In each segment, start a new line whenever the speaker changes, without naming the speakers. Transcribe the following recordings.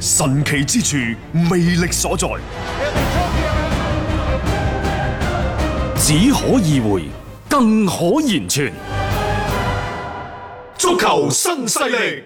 神奇之處，魅力所在，只可意會，更可言傳。足球新勢力，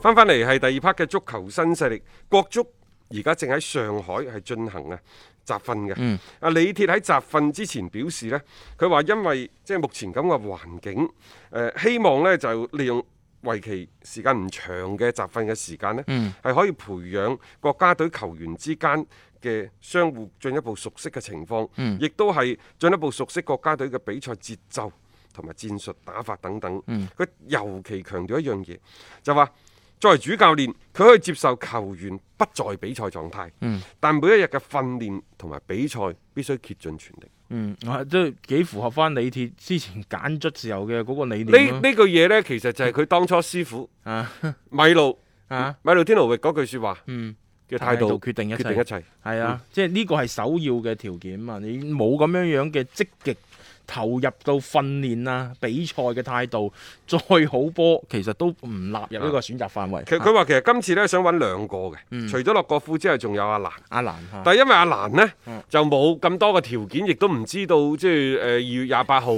翻返嚟係第二 part 嘅足球新勢力，國足而家正喺上海係進行啊，集訓嘅，阿李鐵喺集訓之前表示呢，佢話因為即係目前咁嘅環境，誒、呃、希望呢就利用為期時間唔長嘅集訓嘅時間呢，係可以培養國家隊球員之間嘅相互進一步熟悉嘅情況，嗯、亦都係進一步熟悉國家隊嘅比賽節奏同埋戰術打法等等。佢、嗯、尤其強調一樣嘢，就話。作為主教練，佢可以接受球員不在比賽狀態，嗯、但每一日嘅訓練同埋比賽必
須竭盡全力。嗯，即、啊、幾符合翻李鐵之前揀卒時候嘅嗰個理念、啊。呢
呢句嘢呢，其實就係佢當初師傅啊，啊米路啊、嗯、米路天奴域
嗰句說話，嗯嘅態度決定決定一切。係啊，即係呢個係首要嘅條件嘛啊！你冇咁樣樣嘅積極。投入到訓練啊、比賽嘅態度，再好波其實都唔納入呢個選擇範圍。其實佢話其
實今次呢，想揾兩個嘅，嗯、除咗洛國富之外，仲有阿蘭。阿蘭、啊啊、但係因為阿蘭呢，啊、就冇咁多嘅條件，亦都唔知道即係二月廿八號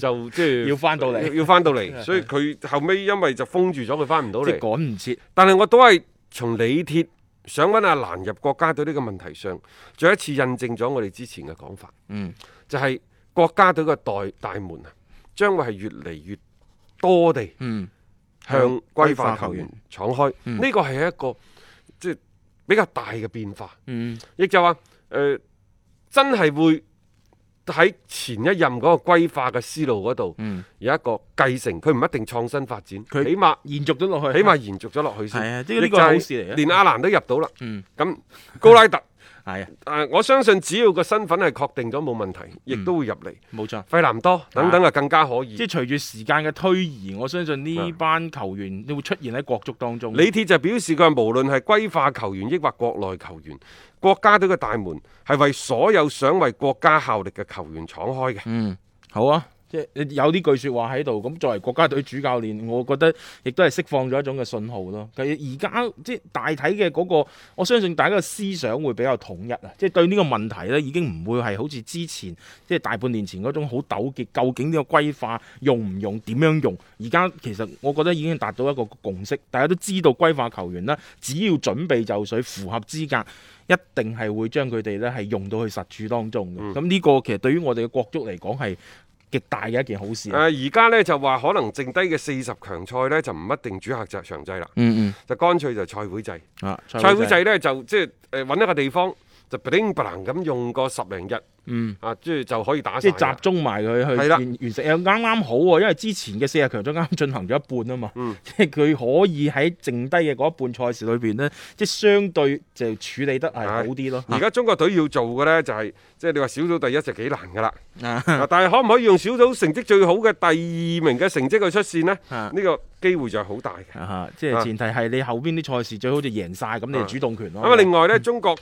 就即係 要翻到嚟， 要翻到嚟， 所以佢後尾因為就封住咗佢翻唔到嚟，即係趕唔切。但係我都係從李鐵想揾阿蘭入國家隊呢個問題上，再一次印證咗我哋之前嘅講法。嗯，就係、就係。係國家隊嘅大大門啊，將會係越嚟越多地
向歸化球員敞開。呢
個係一個即係比較大嘅變化。嗯，亦就話誒、呃，真係會喺前一任嗰個歸化嘅思路嗰度，有一個繼承。佢唔一定創新發展，佢它 起碼碼延續咗落去，起碼延續咗落去先。係啊，即係呢個好事嚟嘅。連阿蘭都入到啦。咁高拉特。係啊，啊，我相信只要個身
份係確定咗冇問題，亦都會入嚟。嗯、冇錯，費南多等等啊，更加可以。啊、即係隨住時間嘅推移，我相信呢班球員都會出現喺國足當中，嗯。李
鐵就表示佢話，無論係歸化球員，抑或國內球員，國家隊嘅大門係為所有想
為國家效力嘅球員敞開嘅。嗯，好啊。有啲句説話喺度，咁作為國家隊主教練，我覺得亦都係釋放咗一種嘅信號咯。而家即係大體嘅嗰個，我相信大家嘅思想會比較統一啊！即係對呢個問題咧，已經唔會係好似之前即係大半年前嗰種好糾結。究竟呢個歸化用唔用？點樣用？而家其實我覺得已經達到一個共識。大家都知道歸化球員啦，只要準備就緒，符合資格，一定係會將佢哋咧係用到去實處當中嘅。咁呢個其實對於我哋嘅國足嚟講係，極大嘅一件好事啊！誒，而家咧就話可能剩
低嘅四十強賽咧就唔一定主客就場制啦。嗯嗯，就乾脆就賽會制，
啊、賽會制
咧就即係誒揾一個地方。就炳炳能咁用個十零日，嗯，啊，即係就可以打晒，即係集
中埋佢去，完成又啱啱好喎，因為之前嘅四十強賽啱啱進行咗一半啊嘛，即係佢可以喺剩低嘅嗰一半賽事裏邊呢，即係相對就處理得係好啲咯。而
家中國隊要做
嘅呢，就係，
即係你話小組第一就幾難噶啦，但係可唔可以用小組成績最好嘅第二名嘅成績去出線呢？呢個機會就係好大
嘅，即係前提係你後邊啲賽事最好就贏晒，咁你就主動權咯。咁另
外呢，中國。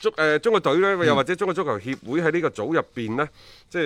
中誒中國隊呢，又或者中國足球協會喺呢個組入邊呢，嗯、即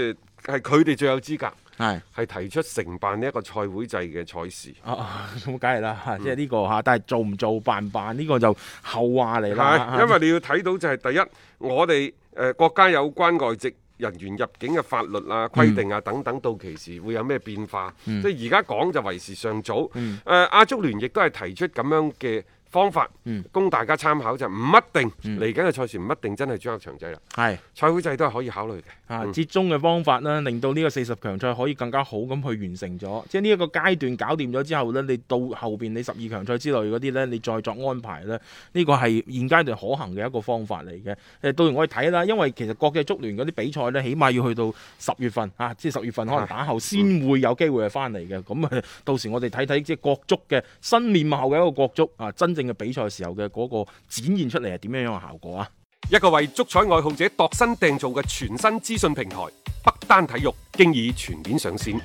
係係佢哋最有資格，係係是提出承辦呢一個
賽會制嘅賽事。咁梗係啦，嗯、即係呢、呢個嚇，但係做唔做、辦唔辦呢、呢個就後話嚟啦。因為你
要睇到就係、是、是第一，我哋誒國家有關外籍人員入境嘅法律啊、規定啊等等，到期時，時會有咩變化？嗯、即係而家講就為時尚早。誒、嗯嗯、亞足聯亦都係提出咁樣嘅。方法供大家參考就唔、是、一定嚟緊嘅賽事唔一定真係轉入強制啦，係彩是會制都係可
以考慮嘅。啊，折、嗯、中嘅方法呢，令到呢個四十強賽可以更加好咁去完成咗。即係呢一個階段搞掂咗之後呢，你到後邊你十二強賽之類嗰啲呢，你再作安排呢。呢、這個係現階段可行嘅一個方法嚟嘅。誒，到時我哋睇啦，因為其實國際足聯嗰啲比賽呢，起碼要去到十月份啊，即係十月份可能打後先會有機會係翻嚟嘅。咁啊，嗯、到時我哋睇睇即係國足嘅新面貌嘅一個國足啊，啊，真正。嘅比賽時候嘅嗰個展現出嚟係點樣樣嘅效果啊！
一個為足彩愛好者度身訂造嘅全新資訊平台北單體育，經已全面上線。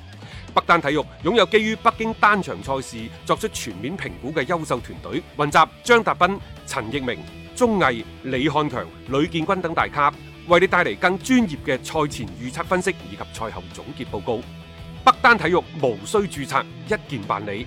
北單體育擁有基於北京單場賽事作出全面評估嘅優秀團隊，雲集張達斌、陳奕明、鍾毅、李漢強、呂建軍等大咖，為你帶嚟更專業嘅賽前預測分析以及賽後總結報告。北單體育無需注冊，一鍵辦理。